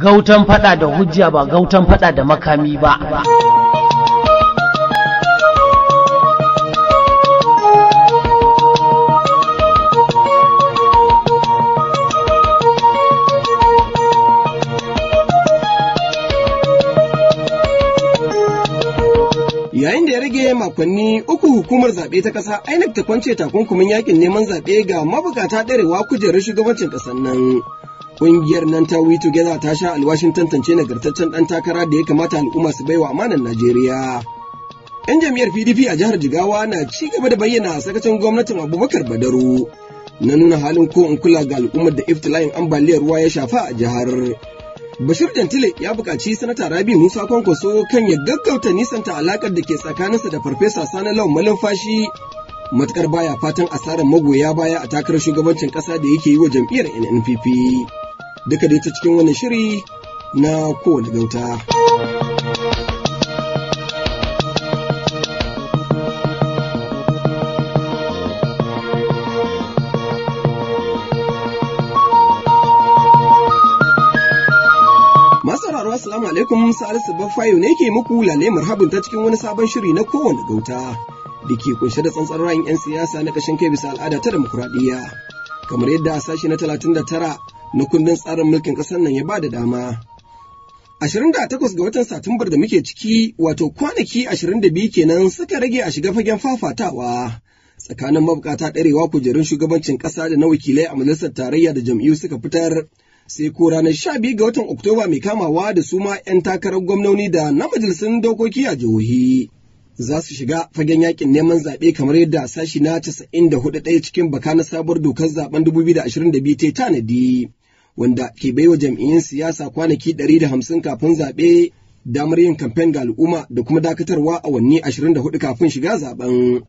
gautan fada da hujja ba gautan fada da makami ba yayin da ya rage makonni uku hukumar zaɓe ta ƙasa ainihin ta kwance takunkumin yakin neman zaɓe ga mabukata ɗarewa kujerar shugabancin ƙasar nan Ƙungiyar nan ta We Together ta sha alwashin tantance nagartaccen dan takara da ya kamata al'umma su baiwa amanan Najeriya. 'Yan jam'iyyar PDP a jihar Jigawa na ci gaba da bayyana a sakacin gwamnatin Abubakar Badaru na nuna halin ko in kula ga al'ummar da iftila'in ambaliyar ruwa ya shafa a jihar. Bashir Dantile ya buƙaci sanata Rabi Musa Kwankwaso kan ya gaggauta nisanta alaƙar da ke tsakaninsa da Farfesa Sani Lawan Malumfashi matukar baya fatan asarar magoya baya a takarar shugabancin ƙasa da yake yi wa jam'iyyar NNPP. duka dai ta cikin wani shiri na kowane gauta. Assalamu alaikum Salisu Baffayo ne ke muku lale marhabin ta cikin wani sabon shiri na kowane gauta da ke kunshe da tsantsar ra'ayin 'yan siyasa na kashin kai bisa al'ada ta demokuraɗiyya. Kamar yadda a sashi na tara. na kundin tsarin mulkin ƙasar nan ya ba da dama. 28 ga watan Satumbar da muke ciki wato kwanaki 22 kenan suka rage a shiga fagen fafatawa tsakanin mabukata ɗarewa kujerun shugabancin ƙasa da na wakilai a majalisar tarayya da jam'iyyu suka fitar sai ko ranar 12 ga watan Oktoba mai kamawa da su ma 'yan takarar gwamnoni da na majalisun dokoki a jihohi. Za su shiga fagen yakin neman zaɓe kamar yadda sashi na 94 ɗaya cikin baka na sabuwar dokar zaben 2022 ta tanadi. wanda ke baiwa jam'iyyun siyasa kwanaki ɗari da hamsin kafin zaɓe damar yin kamfen ga al'umma da kuma dakatarwa a awanni hudu kafin shiga zaben.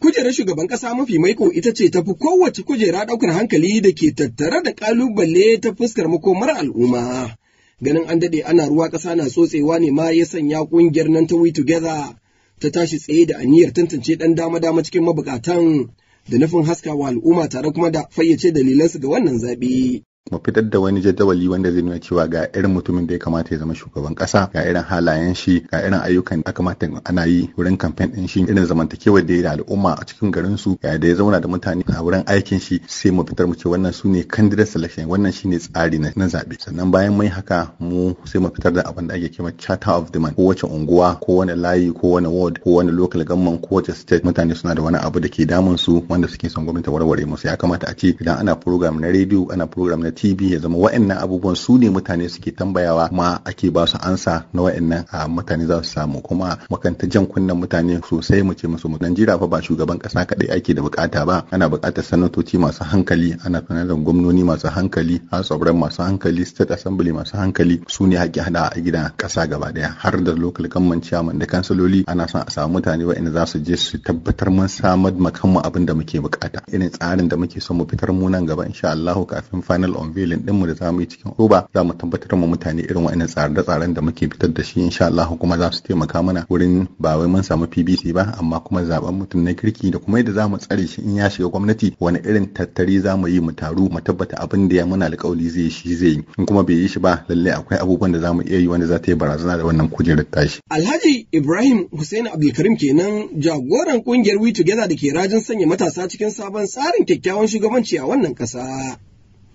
Kujerar shugaban ƙasa mafi maiko ita ce tafi kowace kujera ɗaukar hankali da ke tattare da ƙalubale ta fuskar makomar al'umma. Ganin an daɗe ana ruwa ƙasa na tsotsewa ne ma ya sanya ƙungiyar nan ta We Together ta tashi tsaye da aniyar tantance ɗan dama-dama cikin mabukatan da nufin haskawa al'umma tare kuma da fayyace dalilansu ga wannan zaɓe. mu fitar da wani jadawali wanda zai nuna cewa ga irin mutumin da ya kamata ya zama shugaban kasa ga irin halayen shi ga irin ayyukan da kamata ana yi wurin kamfen din shi irin zamantakewar da ya da al'umma a cikin garin su ga da ya zauna da mutane a wurin aikin shi sai mu fitar mu ce wannan su ne candidate selection wannan shi ne tsari na zaɓe sannan bayan mai haka mu sai mu fitar da abin da ake kima charter of demand wace unguwa ko wani layi ko wani ward ko wani local government ko wace state mutane suna da wani abu da ke damun su wanda suke son gwamnati warware musu ya kamata a ce idan ana program na radio ana program na tv ya zama wa'annan abubuwan su ne mutane suke tambayawa ma ake ba su ansa na wa'annan a mutane za su samu kuma makanta jan kunnen mutane sosai mu ce musu Najeriya fa ba shugaban kasa kadai ake da bukata ba ana bukatar sanatoci masu hankali ana sanadar gwamnoni masu hankali har tsauran masu hankali State Assembly masu hankali su ne hakki hada a gidan kasa gaba daya har da local government chairman da kansaloli ana son a samu mutane wa'anda za su je su tabbatar mun samar makanmu abin da muke bukata irin tsarin da muke son mu fitar mu nan gaba insha Allah kafin final on bilin dinmu da za mu yi cikin roba za mu tabbatar ma mutane irin wa'annan tsare-tsaren da muke fitar da shi insha Allah kuma za su taimaka mana wurin ba wai mun samu PBC ba amma kuma zaben mutum na kirki da kuma yadda za mu tsare shi in ya shiga gwamnati wani irin tattari za mu yi mu taru mu tabbata abin da ya muna alƙawari zai shi zai yi in kuma bai yi shi ba lallai akwai abubuwan da za mu iya yi wanda za ta yi barazana da wannan kujerar tashi. Alhaji Ibrahim Hussein Abdulkarim kenan jagoran kungiyar We Together da ke rajin sanya matasa cikin sabon tsarin kyakkyawan shugabanci a wannan ƙasa.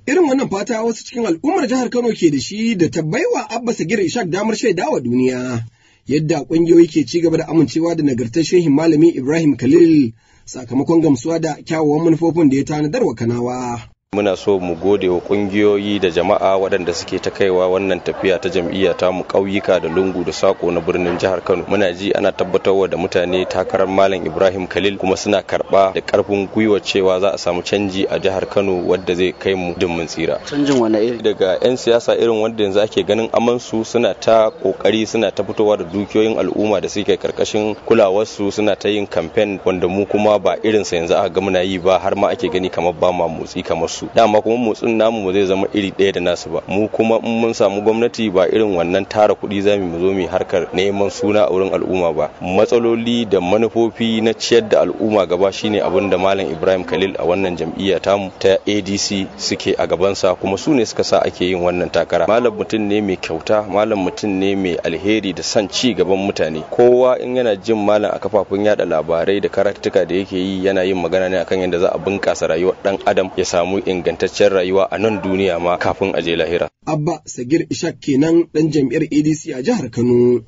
Irin wannan fata wasu cikin al'ummar jihar Kano ke da shi da ta baiwa Abba Sagir Ishak damar shaida wa duniya. Yadda ƙungiyoyi ke ci gaba da amincewa da nagartar shehin malami Ibrahim Khalil sakamakon gamsuwa da kyawawan manufofin da ya tanadar wa Kanawa. muna so mu gode wa kungiyoyi da jama'a waɗanda suke ta kaiwa wannan tafiya ta jam'iyya ta mu ƙauyuka da lungu da sako na birnin jihar kano muna ji ana tabbatarwa da mutane takarar malam ibrahim khalil kuma suna karɓa da ƙarfin gwiwa cewa za a samu canji a jihar kano wadda zai kai mu dimmin tsira canjin wani iri daga 'yan siyasa irin wanda yanzu ake ganin amansu suna ta ƙoƙari suna ta fitowa da dukiyoyin al'umma da suke karkashin kulawarsu suna ta yin kamfen wanda mu kuma ba irinsa yanzu aka ga muna yi ba har ma ake gani kamar ba ma motsi kamar su dama kuma motsin namu ba zai zama iri ɗaya da nasu ba mu kuma in mun samu gwamnati ba irin wannan tara kuɗi za mu zo mu harkar neman suna a wurin al'umma ba matsaloli da manufofi na ciyar da al'umma gaba shine abin da malam Ibrahim Khalil a wannan jam'iyya ta ta ADC suke a gabansa kuma su ne suka sa ake yin wannan takara malam mutum ne mai kyauta malam mutum ne mai alheri da san ci gaban mutane kowa in yana jin malam a kafafun yada labarai da karatuka da yake yi yana yin magana ne akan yadda za a bunkasa rayuwar dan adam ya samu ingantaccen rayuwa a nan duniya ma kafin a je lahira. Abba Sagir Ishak kenan ɗan jam'iyyar ADC a jihar Kano.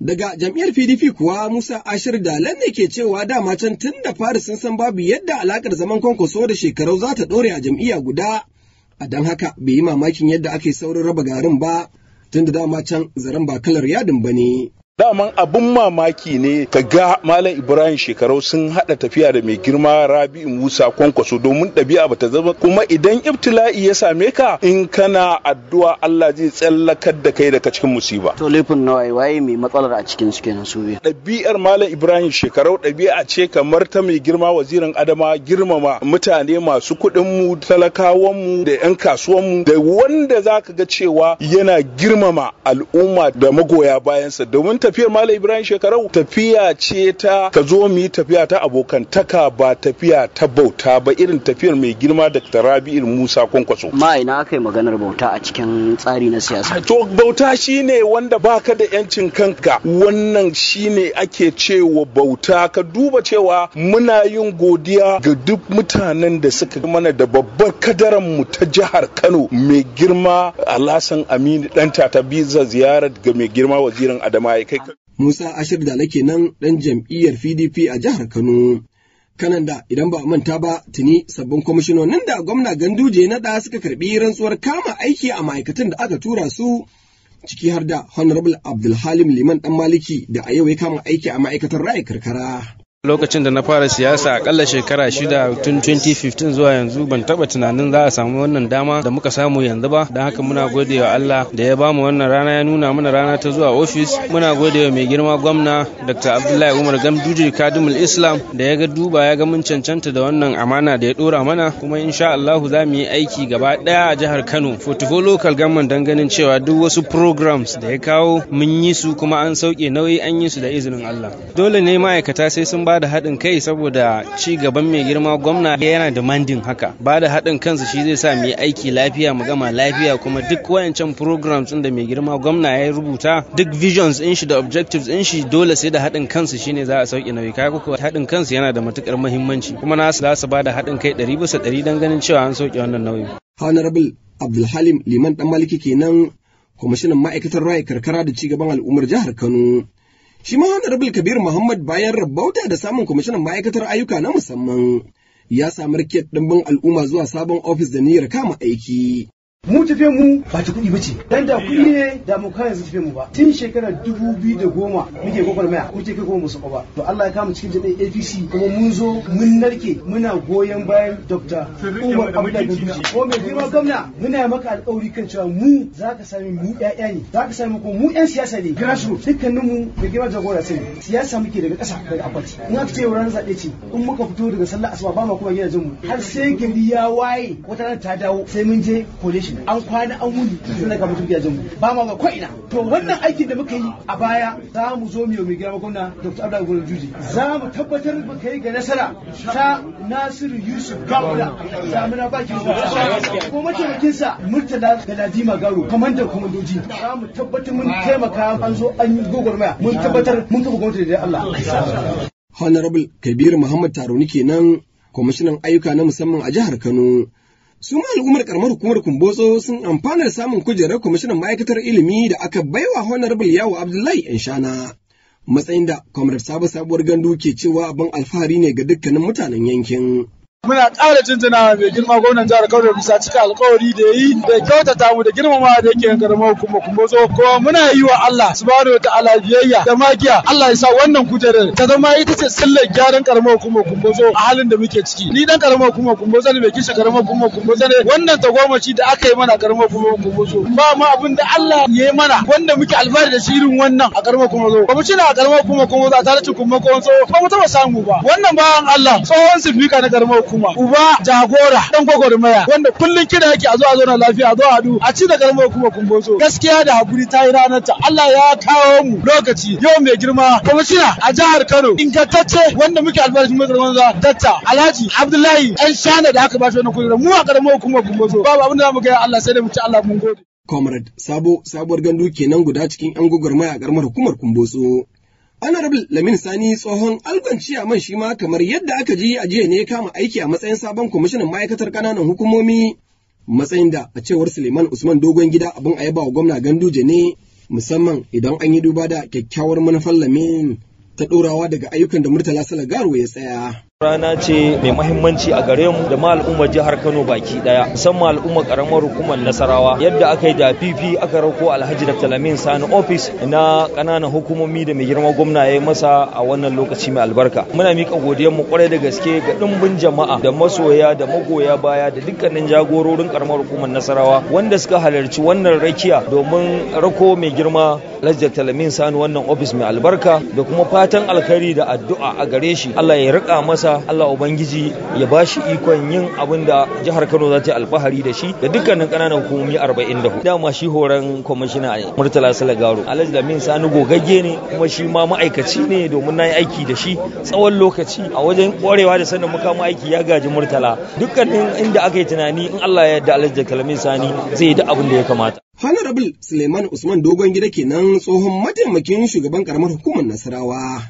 Daga jam'iyyar PDP kuwa Musa Ashir Dalan ne ke cewa dama can tun da fari sun san babu yadda alakar zaman kwankwaso da shekarau za ta ɗore a jam'iyya guda. A don haka bai yi mamakin yadda ake saurin raba garin ba tun da dama can zaren ba kalar yadin ba ne. daman abun mamaki ne ka ga malam ibrahim shekarau sun hada tafiya da mai girma rabi'u musa kwankwaso domin ɗabi'a bata zama kuma idan ibtila'i ya same ka in kana addu'a allah zai tsallakar da kai daga cikin musiba to laifin na waye mai matsalar a cikin su kenan su ɗabi'ar malam ibrahim shekarau ɗabi'a ce kamar ta mai girma wazirin adama girmama mutane masu kuɗin mu talakawan mu da 'yan kasuwan mu da wanda za ka ga cewa yana girmama al'umma da magoya bayansa domin ta tafiyar Malam Ibrahim Shekarau tafiya ce ta ka zo mu yi tafiya ta abokantaka ba tafiya ta bauta ba irin tafiyar mai girma da Rabi'ul Musa Kwankwaso. Ma ina aka yi maganar bauta a cikin tsari na siyasa. To bauta shine wanda baka da yancin kanka wannan shine ake cewa bauta ka duba cewa muna yin godiya ga duk mutanen da suka mana da babbar kadaran mu ta jihar Kano mai girma Alhassan Aminu dan tata bisa ziyarar ga mai girma wazirin Adama ya kai Musa Ashir Dala nan ɗan jam'iyyar PDP a jihar Kano. Kanan da idan ba manta ba tuni sabbin kwamishinonin da gwamna Ganduje na da suka karɓi rantsuwar kama aiki a ma'aikatan da aka tura su ciki har da Honorable Abdulhalim Liman ɗan Maliki da a yau ya kama aiki a ma'aikatar ra'ayi karkara. lokacin da na fara siyasa akalla shekara shida tun 2015 zuwa yanzu ban taba tunanin za a samu wannan dama da muka samu yanzu ba don haka muna gode wa Allah da ya bamu wannan rana ya nuna mana rana ta zuwa ofis muna gode wa mai girma gwamna Dr. Abdullahi Umar Ganduje Kadimul Islam da ya ga duba ya ga mun cancanta da wannan amana da ya dora mana kuma insha Allah za mu yi aiki gaba daya a jihar Kano Fotifo local government don ganin cewa duk wasu programs da ya kawo mun yi su kuma an sauke nauyi an yi su da izinin Allah dole ne ma'aikata sai sun ba da haɗin kai saboda ci gaban mai girma gwamna yana demandin haka ba da haɗin kansa shi zai sa mu yi aiki lafiya mu gama lafiya kuma duk wayancan programs ɗin da mai girma gwamna ya rubuta duk visions in shi da objectives in shi dole sai da haɗin kansa shine za a sauke nauyi kai kuka haɗin kansa yana da matukar muhimmanci kuma na za su ba da haɗin kai ɗari bisa ɗari don ganin cewa an sauke wannan nauyi. Honorable Abdulhalim Liman Ɗan Maliki kenan kwamishinan ma'aikatar raya karkara da cigaban al'ummar jihar Kano. Shi ma Honorable Kabir Muhammad bayan rabauta da samun kwamishinan ma'aikatar ayyuka na musamman ya sami riket ɗimbin al'umma zuwa sabon ofis da niyyar kama aiki. mu tafiye mu ba ta kuɗi bace dan da kudi ne da mu kai yanzu tafiye mu ba tun shekarar dubu biyu da goma muke kokar maya ko ce kai kuma musu ba to Allah ya kama cikin jami'in APC kuma mun zo mun narke muna goyon bayan Dr. Umar Abdullahi ko mai girma gwamna muna maka alƙawari kan cewa mu za ka sami mu ƴaƴa ne za ka sami ko mu ƴan siyasa ne grassroots dukkanin mu mai girma jagora sai siyasa muke daga ƙasa daga akwati in aka ce ranar zaɓe ce in muka fito daga sallar asuba ba ma kuma gidajen mu har sai gari ya waye wata rana ta dawo sai mun je college shi an kwana an wuni sun daga mutum gidajen ba ma ba ko'ina to wannan aikin da muka yi a baya za mu zo mu yi girma gwamna dr abdullahi gwamna juji za mu tabbatar muka yi ga nasara ta nasiru yusuf gabula samuna bakin su ko sa murtala galadima garo kamanda kwamandoji za mu tabbatar mun taimaka an zo an yi mun tabbatar mun kafa gwamnati da allah Honorable Kabir Muhammad ke nan kwamishinan ayyuka na musamman a jihar Kano Su ma al'ummar karamar hukumar Kumbotso sun amfana da samun kujerar kwamishinan ma'aikatar ilimi da aka baiwa Honorable Yawo Abdullahi Inshana. Matsayin da Comrade Sabo Sabuwar Gandu ke cewa abin alfahari ne ga dukkanin mutanen yankin. Muna ƙara tuntuna mai girma gwamnan jihar Kano bisa cika alƙawari da yi da kyautata mu da girmama da yake ga kuma kuma zo ko muna yi wa Allah subhanahu wataala biyayya da magiya Allah ya sa wannan kujerar ta zama ita ce sillar gyaran karamar kuma zo a halin da muke ciki ni dan karamar kuma Kumbotso ne mai kishin karamar kuma Kumbotso ne wannan tagomaci da aka yi mana karamar kuma zo ba ma abin da Allah ya yi mana wanda muke alfahari da shi irin wannan a kuma zo ba mu ci cina a karamar kuma Kumbotso a kuma zo ba mu taba samu ba wannan bayan Allah tsohon sifika na karamar hukuma uba jagora dan gwagwarmaya wanda kullun kida yake a zo a zauna lafiya a zo a haɗu a ci da karamar hukumar kumboso gaskiya da hakuri ta yi ranar ta Allah ya kawo mu lokaci yau mai girma kwamishina a jihar Kano ingantacce wanda muke albashin mai wanza datta Alhaji Abdullahi ɗan shana da aka bashi wannan kudura mu a karamar hukumar kumboso babu abin da zamu ga Allah sai da mu ci Allah mun gode Comrade Sabo sabuwar gandu kenan guda cikin 'yan gwagwarmaya a ƙaramar hukumar Kumboso. Honorable Lamin Sani tsohon algon man shi ma kamar yadda aka ji a jiya ne ya kama aiki a matsayin sabon kwamishinan ma'aikatar ƙananan hukumomi matsayin da a cewar Suleiman Usman dogon gida abin a yaba wa gwamna Ganduje ne musamman idan an yi duba da kyakkyawar manufar Lamin ta ɗorawa daga ayyukan da Murtala Salagaro ya tsaya. rana ce mai mahimmanci a gare mu da ma al'ummar jihar Kano baki daya musamman al'ummar karamar hukumar Nasarawa yadda aka yi da fifi aka rako Alhaji Dr. Lamin Sani ofis. na kananan hukumomi da mai girma gwamna ya masa a wannan lokaci mai albarka muna mika godiyar mu kwarai da gaske ga dimbin jama'a da masoya da magoya baya da dukkanin jagororin karamar hukumar Nasarawa wanda suka halarci wannan rakiya domin rako mai girma Alhaji Dr. Sani wannan ofis mai albarka da kuma fatan alkhairi da addu'a a gare shi Allah ya riƙa masa Allah ubangiji ya bashi ikon yin abin da jihar Kano za ta yi alfahari da shi da dukkanin ƙananan hukumomi 44 dama shi horon kwamishina Murtala Salagaro Alhaji Lamin Sani gogagge ne kuma shi ma ma'aikaci ne domin na yi aiki da shi tsawon lokaci a wajen ƙwarewa da sanin mukamin aiki ya gaji Murtala dukkanin inda aka yi tunani in Allah ya yarda Alhaji Lamin Sani zai yi da abin da ya kamata Honorable Suleiman Usman Dogon Gida kenan tsohon mataimakin shugaban karamar hukumar Nasarawa.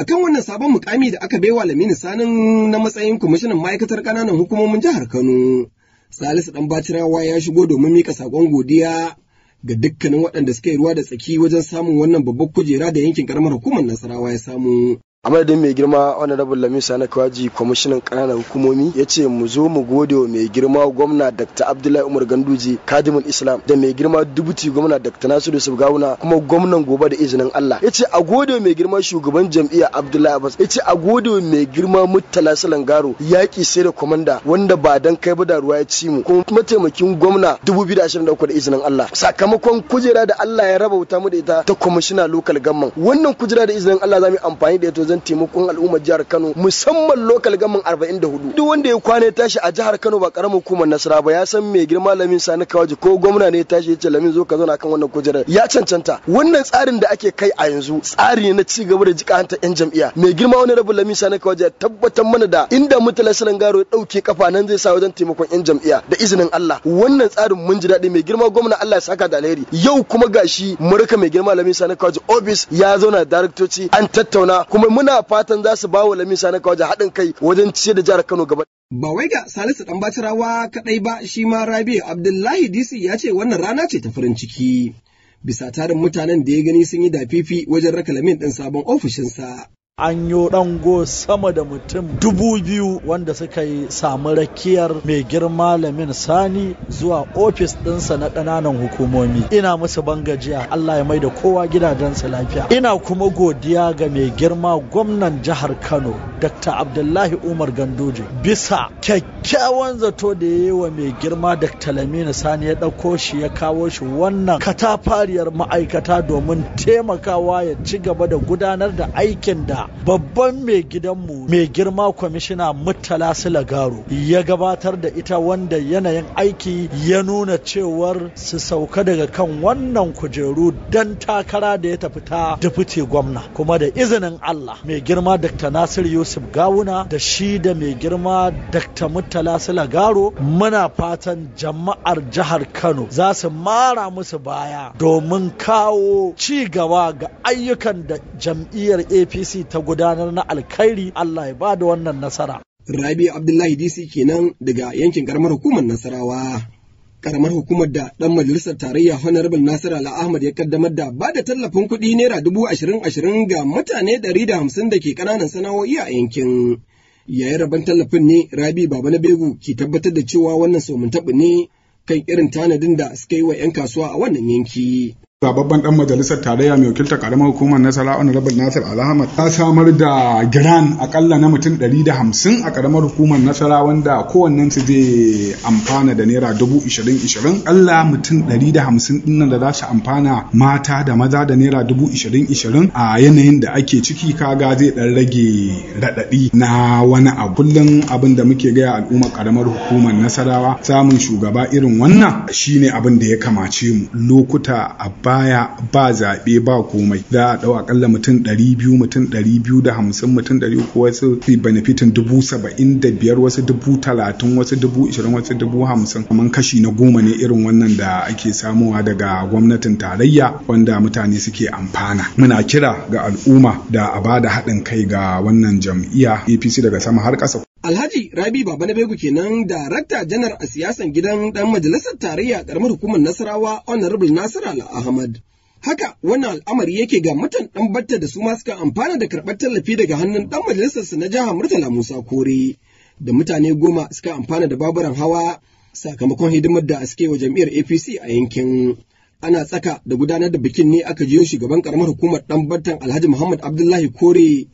akan wannan sabon mukami da aka baiwa Lamini Sanin na matsayin kwamishinan ma'aikatar ƙananan hukumomin jihar Kano. Salisu ɗan Batirawa ya shigo domin mika sakon godiya ga dukkanin waɗanda suka yi ruwa da tsaki wajen samun wannan babbar kujera da yankin ƙaramar hukumar Nasarawa ya samu. a madadin mai girma honorable lamisa na kawaji kwamishinan ƙananan hukumomi ya ce mu zo mu gode wa mai girma gwamna dr abdullahi umar ganduji kadimul islam da mai girma dubuti gwamna dr nasiru yusuf gawuna kuma gwamnan gobe da izinin allah ya ce a gode mai girma shugaban jam'iyya abdullahi abbas ya ce a gode mai girma muttala salangaro yaƙi sai da kwamanda wanda ba dan kai ba da ruwa ya ci mu kuma mataimakin gwamna dubu biyu da ashirin da uku da izinin allah sakamakon kujera da allah ya raba wuta mu da ita ta kwamishina lokal gamman wannan kujera da izinin allah za mu yi amfani da ita wajen taimakon al'ummar jihar Kano musamman lokal gamin 44 duk wanda ya kwana ya tashi a jihar Kano ba karamin hukumar Nasara ba ya san mai girma Lamin Sani Kawaji ko gwamna ne ya tashi ya ce Lamin zo ka zauna kan wannan kujerar ya cancanta wannan tsarin da ake kai a yanzu tsari ne na ci gaba da jikanta yan jam'iyya mai girma wani rabu Lamin Sani Kawaji ya tabbatar mana da inda mutala Salangaro ya dauke kafa nan zai sa wajen taimakon yan jam'iyya da izinin Allah wannan tsarin mun ji daɗi mai girma gwamna Allah ya saka da alheri yau kuma gashi murka mai girma Lamin Sani Kawaji office ya zauna daraktoci an tattauna kuma muna fatan za su bawa Lamin Sani Kawaja haɗin kai wajen ciyar da jihar Kano gaba. Ba wai ga Salisu ɗan Bacirawa kaɗai ba shi ma Rabi'u Abdullahi DC ya ce wannan rana ce ta farin ciki. Bisa tarin mutanen da ya gani sun yi dafifi wajen raka Lamin ɗin sabon ofishinsa. an yi rango sama da mutum dubu biyu wanda suka yi samu rakiyar mai girma lamin sani zuwa ofis ɗinsa na ƙananan hukumomi ina musu gajiya. allah ya mai da kowa gidajensa lafiya ina kuma godiya ga mai girma gwamnan jihar kano dr abdullahi umar gandoji bisa kyakkyawan zato da ya yi wa mai girma dr Lamini sani ya ɗauko shi ya kawo shi wannan katafariyar ma'aikata domin taimakawa ya ci gaba da gudanar da aikin da babban mai gidanmu mai girma kwamishina Murtala Silagaro ya gabatar da ita wanda yanayin aiki ya nuna cewar su sauka daga kan wannan kujeru don takara da ya tafi ta dafite gwamna kuma da izinin Allah mai girma Dr. Nasir Yusuf Gawuna da shi da mai girma Dr. Murtala Silagaro muna fatan jama'ar jihar Kano za su mara musu baya domin kawo ci gaba ga ayyukan da jam'iyyar APC ta gudanar na alkhairi Allah ya ba da wannan nasara. Rabi Abdullahi DC kenan daga yankin karamar hukumar Nasarawa. Karamar hukumar da ɗan majalisar tarayya Honorable Nasiru Ala Ahmad ya kaddamar da ba da tallafin kuɗi naira dubu ashirin ashirin ga mutane ɗari da hamsin da ke ƙananan sana'o'i a yankin. Yayin rabon tallafin ne Rabi Baba na Begu ke tabbatar da cewa wannan somin taɓi ne kan irin tanadin da suka yi wa 'yan kasuwa a wannan yanki. zababban dan majalisar tarayya mai wakiltar karamar hukumar nasara rabin nasir alhamad ta samar da giran akalla na mutum 150 a karamar hukumar nasara wanda kowannen su zai amfana da naira 20,20 20 mutum 150 dinnan da za su amfana mata da maza da naira 20,20 a yanayin da ake ciki kaga zai ɗan rage raɗaɗi na wani abu kullum abin da muke gaya al'ummar karamar hukumar nasarawa samun shugaba irin wannan shine abin da ya kamace mu lokuta abba baya ba zaɓe ba komai za a ɗau akalla mutum 200 mutum 250 mutum ɗari ko wasu benefitin dubu saba'in da biyar wasu dubu talatin wasu dubu ishirin wasu dubu hamsin kamar kashi na goma ne irin wannan da ake samuwa daga gwamnatin tarayya wanda mutane suke amfana muna kira ga al'umma da a bada haɗin kai ga wannan jam'iyya apc daga sama har ƙasa Alhaji Rabi Baba na Begu kenan darakta janar a siyasan gidan ɗan majalisar tarayya ƙaramar hukumar Nasarawa Honorable Nasir Al Ahmad. Haka wannan al'amari yake ga mutan ɗan batta da su ma suka amfana da karɓar tallafi daga hannun ɗan majalisarsa na jihar Murtala Musa Kore. Da mutane goma suka amfana da baburan hawa sakamakon hidimar da suke wa jam'iyyar APC a yankin. Ana tsaka da gudanar da bikin ne aka jiyo shugaban ƙaramar hukumar ɗan battan Alhaji Muhammad Abdullahi Kore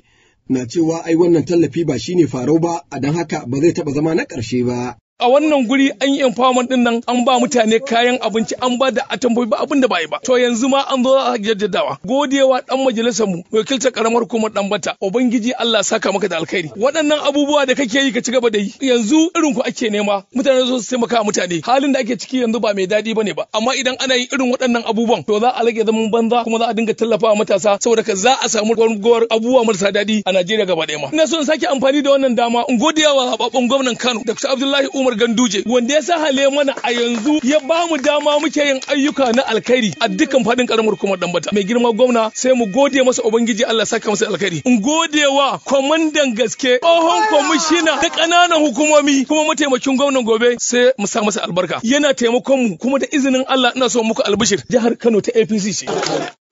na cewa ai wannan tallafi ba shine farau ba a don haka ba zai taɓa zama na ƙarshe ba. a wannan guri an yi empowerment din nan an ba mutane kayan abinci an ba da atambobi ba abin da ba yi ba to yanzu ma an zo za a jaddadawa godewa dan majalisar mu wakiltar karamar hukumar dan bata ubangiji Allah saka maka da alkhairi waɗannan abubuwa da kake yi ka ci gaba da yi yanzu irin ku ake nema mutane zo su taimaka mutane halin da ake ciki yanzu ba mai daɗi bane ba amma idan ana yin irin waɗannan abubuwan to za a rage zaman banza kuma za a dinga tallafawa matasa saboda ka za a samu gwargwar abubuwa marasa daɗi a Najeriya gaba ɗaya ina so in sake amfani da wannan dama in godewa zababben gwamnan Kano Dr. Abdullahi Umar Umar Ganduje wanda ya sahale mana a yanzu ya ba mu dama muke yin ayyuka na alkhairi a dukkan faɗin karamar hukumar Dambata. Mai girma gwamna sai mu gode masa Ubangiji Allah saka masa alkhairi. In gode wa kwamandan gaske tsohon kwamishina da ƙananan hukumomi kuma mataimakin gwamnan gobe sai mu sa masa albarka. Yana taimakon mu kuma da izinin Allah ina so muku albishir jihar Kano ta APC ce.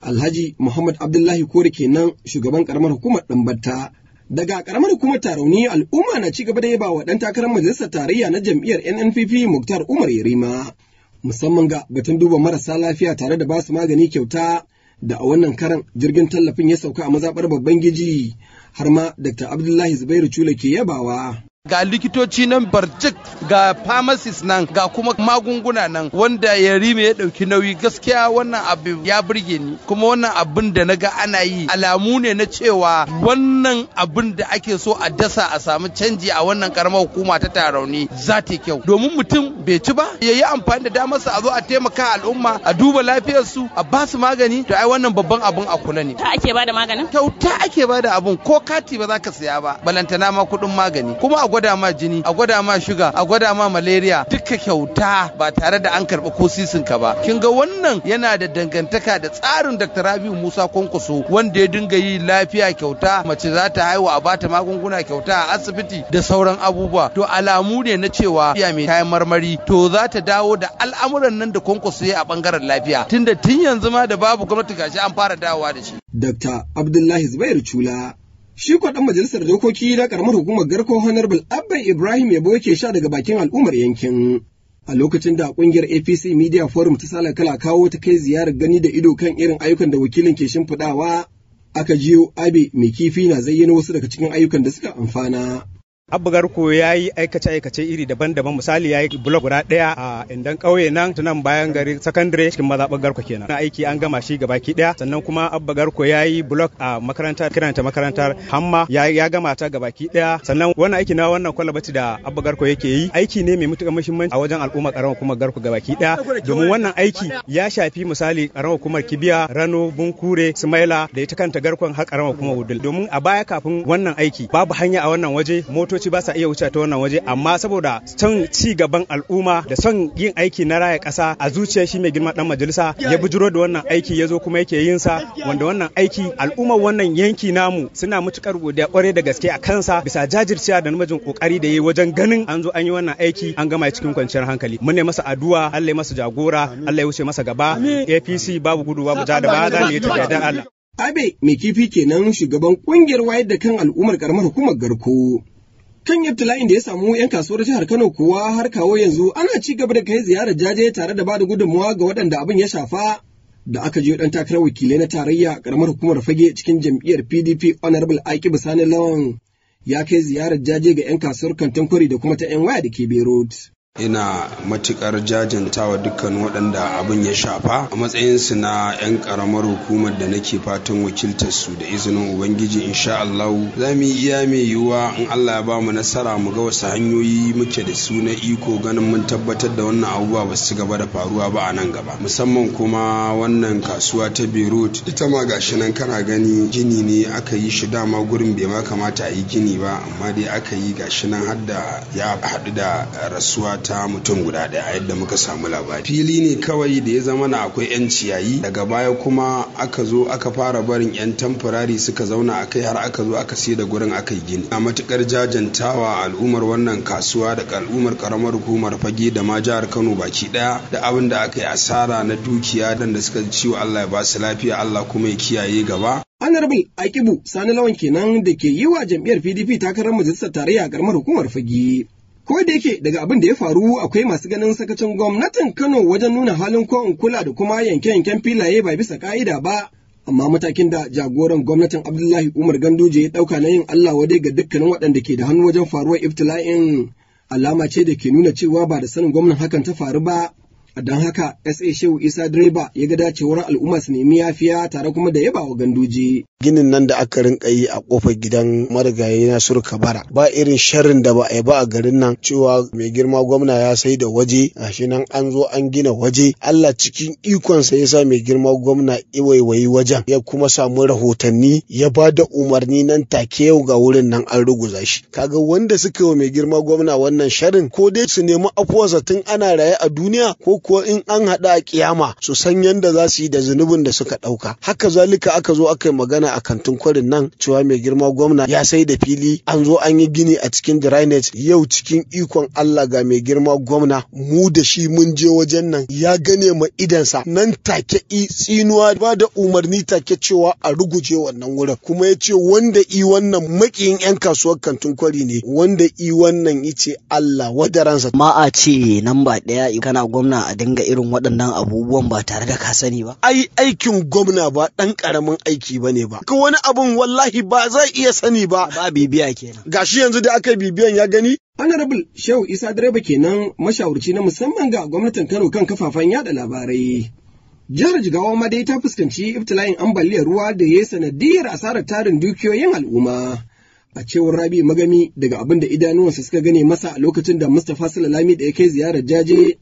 Alhaji Muhammad Abdullahi Kore kenan shugaban karamar hukumar Dambata Daga karamar hukumar tarauni al'umma na ci gaba da yaba wa ɗan takarar majalisar tarayya na jam'iyyar NNPP Muktar Umar Yarima. Musamman ga batun duba marasa lafiya tare da basu magani kyauta da a wannan karan jirgin tallafin ya sauka a mazaɓar babban giji har ma Dr. Abdullahi Zubairu Cule ke yabawa. ga likitoci nan barcik ga pharmacist nan ga kuma magunguna nan wanda ya rime ya ɗauki nauyi gaskiya wannan abu ya burge ni kuma wannan abin da naga ana yi alamu ne na cewa wannan abin da ake so a dasa a samu canji a wannan karamar hukuma ta tarauni za ta kyau domin mutum bai ci ba ya yi amfani da sa a zo a taimaka al'umma a duba lafiyar su a ba su magani to ai wannan babban abin a kula ne ta ake bada maganin kyauta ake bada abun ko kati ba za ka siya ba balantana ma kuɗin magani kuma a gwada ma jini a gwada ma shuga a gwada ma malaria duka kyauta ba tare da an karɓi ko sisin ba kin ga wannan yana da dangantaka da tsarin Dr. Rabiu Musa Kwankwaso wanda ya dinga yi lafiya kyauta mace za ta haihu a bata magunguna kyauta a asibiti da sauran abubuwa to alamu ne na cewa iya mai kayan marmari to za ta dawo da al'amuran nan da Kwankwaso ya a bangaren lafiya tunda tun yanzu ma da babu gwamnati gashi an fara dawowa da shi Dr. Abdullahi Zubairu Chula Shi kuwa ɗan majalisar dokoki na ƙaramar hukumar garko Honorable Abba Ibrahim Yabo yake sha daga bakin al'ummar yankin. A lokacin da ƙungiyar APC Media Forum ta sala kala kawo ta kai ziyarar gani da ido kan irin ayyukan da wakilin ke shimfiɗawa, aka jiyo Abe mai kifi na zayyana wasu daga cikin ayyukan da suka amfana. Abba Garko ya yi aikace-aikace iri daban-daban misali ya yi blog guda ɗaya a indan ƙauye nan tunan bayan gari sakandare cikin mazaɓar Garko kenan. Na aiki an gama shi gabaki ɗaya sannan kuma Abba Garko ya yi blog a makarantar kiranta makarantar Hamma ya gama ta gabaki ɗaya sannan wannan aiki na wannan kwalabati da Abba Garko yake yi aiki ne mai matuƙar muhimmanci a wajen al'umma ƙaramar hukumar Garko gabaki ɗaya domin wannan aiki ya shafi misali ƙaramar hukumar Kibiya, Rano, Bunkure, Sumaila da ita kanta Garkon har ƙaran hukumar Wudul domin a baya kafin wannan aiki babu hanya a wannan waje moto motoci ba sa iya wuce ta wannan waje amma saboda son ci gaban al'umma da son yin aiki na raya kasa a zuciya shi mai girma dan majalisa ya bujuro da wannan aiki ya zo kuma yake yin sa wanda wannan aiki al'ummar wannan yanki namu suna mutukar godiya kware da gaske a kansa bisa jajircewa da namijin kokari da yayi wajen ganin an zo an yi wannan aiki an gama cikin kwanciyar hankali mun ne masa addu'a Allah ya masa jagora Allah ya wuce masa gaba APC babu gudu babu ja da ba za mu yi tafiya dan Allah Abe mai kifi kenan shugaban kungiyar wayar da kan al'ummar karamar hukumar Garko. Kan ibtila'in da ya samu 'yan kasuwar jihar Kano kuwa har kawo yanzu ana ci gaba da kai ziyarar jaje tare da bada gudunmawa ga waɗanda abin ya shafa. Da aka je ɗan takarar wakilai na tarayya ƙaramar hukumar fage cikin jam'iyyar PDP Honorable Aiki Bisani Lawan ya kai ziyarar jaje ga 'yan kasuwar kantin kwari da kuma ta 'yan waya da ke Beirut. ina matukar jajanta wa dukkan waɗanda abin ya shafa a matsayinsu na 'yan karamar hukumar da nake fatan wakiltar su da izinin ubangiji insha Allah za mu iya mai yiwuwa in Allah ya ba mu nasara mu ga wasu hanyoyi muke da su na iko ganin mun tabbatar da wannan abubuwa ba su gaba da faruwa ba a nan gaba musamman kuma wannan kasuwa ta Beirut ita ma gashi nan kana gani gini ne aka yi shi dama gurin bai ma kamata a yi gini ba amma dai aka yi gashi nan har da ya haɗu da rasuwa ta mutum guda ɗaya a yadda muka samu labari fili ne kawai da ya zama na akwai 'yan ciyayi daga baya kuma aka zo aka fara barin 'yan tamfurari suka zauna a kai har aka zo aka sai da gurin aka yi gini a matukar jajantawa al'ummar wannan kasuwa da al'ummar karamar hukumar fage da ma jihar kano baki daya da abin da aka yi asara na dukiya dan da suka ciwo allah ya basu lafiya allah kuma ya kiyaye gaba Honorable Akibu Sani Lawan kenan da ke yi wa jam'iyyar PDP takarar majalisar tarayya a garmar hukumar fage. Ko da yake daga abin da ya faru akwai masu ganin sakacin gwamnatin Kano wajen nuna halin ko kula da kuma yanke-yanken filaye ba bisa ka'ida ba. Amma matakin da jagoran gwamnatin Abdullahi Umar Ganduje ya ɗauka na yin Allah wadai ga dukkanin waɗanda ke da hannu wajen faruwar ibtila'in alama ce da ke nuna cewa ba da sanin gwamnan hakan ta faru ba. Don haka SA Shehu Isa Direba ya ga dacewar al'umma su nemi yafiya tare kuma da yaba wa gandoji. Ginin nan da aka rinka yi a kofar gidan marigayi na surka bara ba irin sharrin da ba a yi ba a garin nan cewa mai girma gwamna ya sai da waje gashi nan an zo an gina waje Allah cikin ikonsa ya sa mai girma gwamna iwaiwayi wajen ya kuma samu rahotanni ya ba da umarni nan take yau ga wurin nan an ruguza shi kaga wanda suka yi wa mai girma gwamna wannan sharrin ko dai su nemi afuwarsa tun ana raye a duniya ko ko in an haɗu a kiyama su san yadda za su yi da zunubin da suka ɗauka haka zalika aka zo aka yi magana a kantin kwarin nan cewa mai girma gwamna ya sai da fili an zo an yi gini a cikin drainage yau cikin ikon Allah ga mai girma gwamna mu da shi mun je wajen nan ya gane ma idansa nan take i tsinuwa ba da umarni take cewa a ruguje wannan wurin kuma ya ce wanda i wannan makiyin yan kasuwar kantin kwari ne wanda i wannan ice Allah wadaransa ma a ce namba ɗaya kana gwamna a dinga irin waɗannan abubuwan ba tare da ka sani ba ai aikin gwamna ba ɗan ƙaramin aiki ba ne ba ka wani abun wallahi ba zai iya sani ba ba bibiya kenan shi yanzu da aka yi bibiyan ya gani Honorable Shehu Isa Direba kenan mashawarci na musamman ga gwamnatin Kano kan kafafen yada labarai. Jihar Jigawa ma dai ta fuskanci ibtila'in ambaliyar ruwa da ya yi sanadiyar asarar tarin dukiyoyin al'umma. A cewar Rabi Magami daga abin da idanuwansa suka gane masa a lokacin da Mustapha Salalami da ya kai ziyarar jaje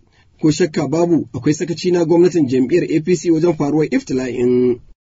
ko shakka babu akwai sakaci na gwamnatin jam'iyyar APC wajen faruwar iftila'in.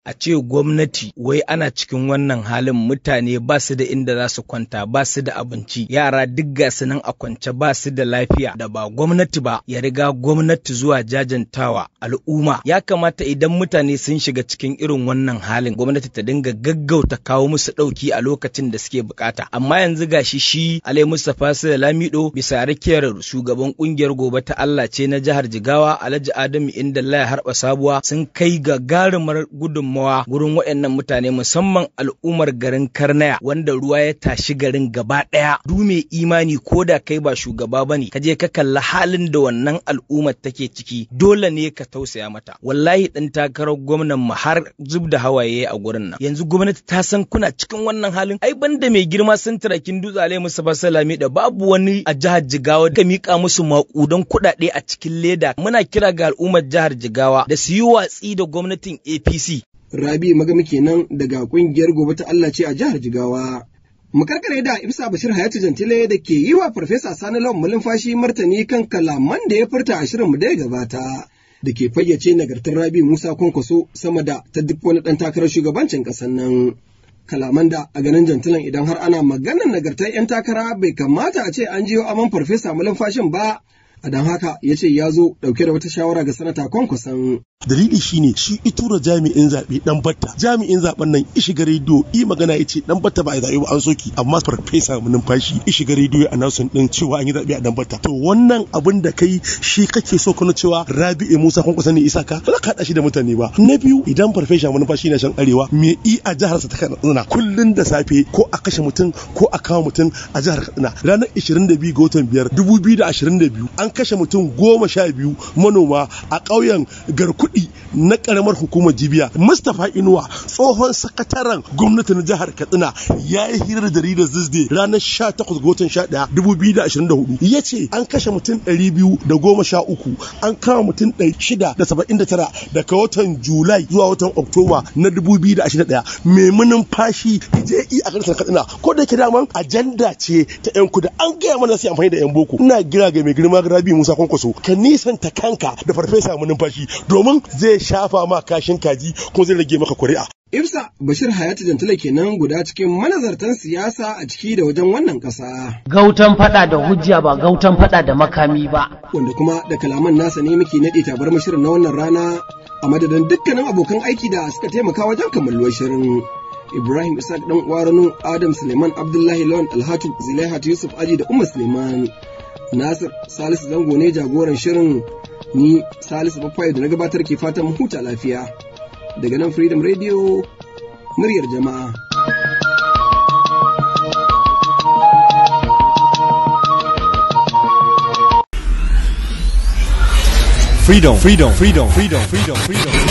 a ce gwamnati wai ana cikin wannan halin mutane ba su da inda za su kwanta ba su da abinci yara duk ga su nan a kwance ba su da lafiya da ba gwamnati ba ya riga gwamnati zuwa jajantawa al'umma ya kamata idan mutane sun shiga cikin irin wannan halin gwamnati ta dinga gaggauta kawo musu ɗauki a lokacin da suke bukata amma yanzu gashi shi alai mustapha da lamido bisa rakiyar shugaban kungiyar gobe ta Allah ce na jihar jigawa alhaji adamu inda laya harba sabuwa sun kai ga garumar gudun gudunmawa gurin waɗannan mutane musamman al'ummar garin Karnaya wanda ruwa ya tashi garin gaba ɗaya. Du mai imani ko da kai ba shugaba ba ne, ka je ka kalla halin da wannan al'ummar take ciki dole ne ka tausaya mata. Wallahi ɗan takarar gwamnan mu har zub da hawaye a gurin nan. Yanzu gwamnati ta san kuna cikin wannan halin. Ai banda mai girma sun tarakin dutse Alai Mustapha Salami da babu wani a jihar Jigawa da mika musu makudan kuɗaɗe a cikin leda. Muna kira ga al'ummar jihar Jigawa da su yi watsi da gwamnatin APC Rabi Magami kenan daga ƙungiyar gobe ta Allah ce a jihar Jigawa. Makarkare da Ibsa Bashir Hayatu Jantile da ke yi wa Farfesa Sani Lawan mulumfashi martani kan kalaman da ya furta a shirinmu da ya gabata. Da ke fayyace nagartar Rabi Musa Kwankwaso sama da ta duk wani ɗan takarar shugabancin ƙasar nan. Kalaman da a ganin jantilan idan har ana maganar nagartar 'yan takara bai kamata a ce an jiyo aman Farfesa mulumfashin ba a don haka ya ce ya zo dauke da wata shawara ga sanata kusan. dalili shine shi itura jami'in zaɓe dan batta jami'in zaɓen nan ishiga rediyo i magana ya ce dan batta ba a zaɓe ba an soki amma farfesa numfashi ishiga rediyo a son din cewa an yi zaɓe a dan batta to wannan abin da kai shi kake so kana cewa rabi'u musa kusan ne isa ka ba ka haɗa shi da mutane ba na biyu idan farfesa numfashi na shan arewa me i a jihar sa ta katsina Kullum da safe ko a kashe mutum ko a kawo mutum a jihar katsina ranar 22 ga watan 5 2022 an an kashe mutum goma sha biyu manoma a ƙauyen garkudi na ƙaramar hukumar jibiya mustapha inuwa tsohon sakataren gwamnati na jihar katsina ya yi hirar jaridar zizde ranar 18 ga watan 11 hudu. ya ce an kashe mutum 213 an kama mutum 679 daga watan julai zuwa watan oktoba na 2021 munin fashi je a ƙarshen katsina ko da yake daman ajanda ce ta yan kuda an gaya mana sai amfani da yan boko ina gira ga mai girma rabi musa kwankwaso ka nisanta kanka da farfesa mu numfashi domin zai shafa ma kashin kaji ko zai rage maka kuri'a Ibsa Bashir Hayatu Jantala kenan guda cikin manazartan siyasa a ciki da wajen wannan ƙasa. Gautan faɗa da hujja ba gautan faɗa da makami ba. Wanda kuma da kalaman nasa ne muke naɗe tabar mashirin na wannan rana a madadin dukkanin abokan aiki da suka taimaka wajen kammaluwar shirin. Ibrahim Isaac ɗan Adam Suleiman Abdullahi Lawan Alhatu Zilaihat Yusuf Aji da Umar Suleiman. Nasir Salisu Zango ne jagoran shirin ni Salisu Bafayi da na gabatar ke fatan huta lafiya. Daga nan Freedom Radio muryar jama'a. freedom, freedom, freedom, freedom, freedom, freedom.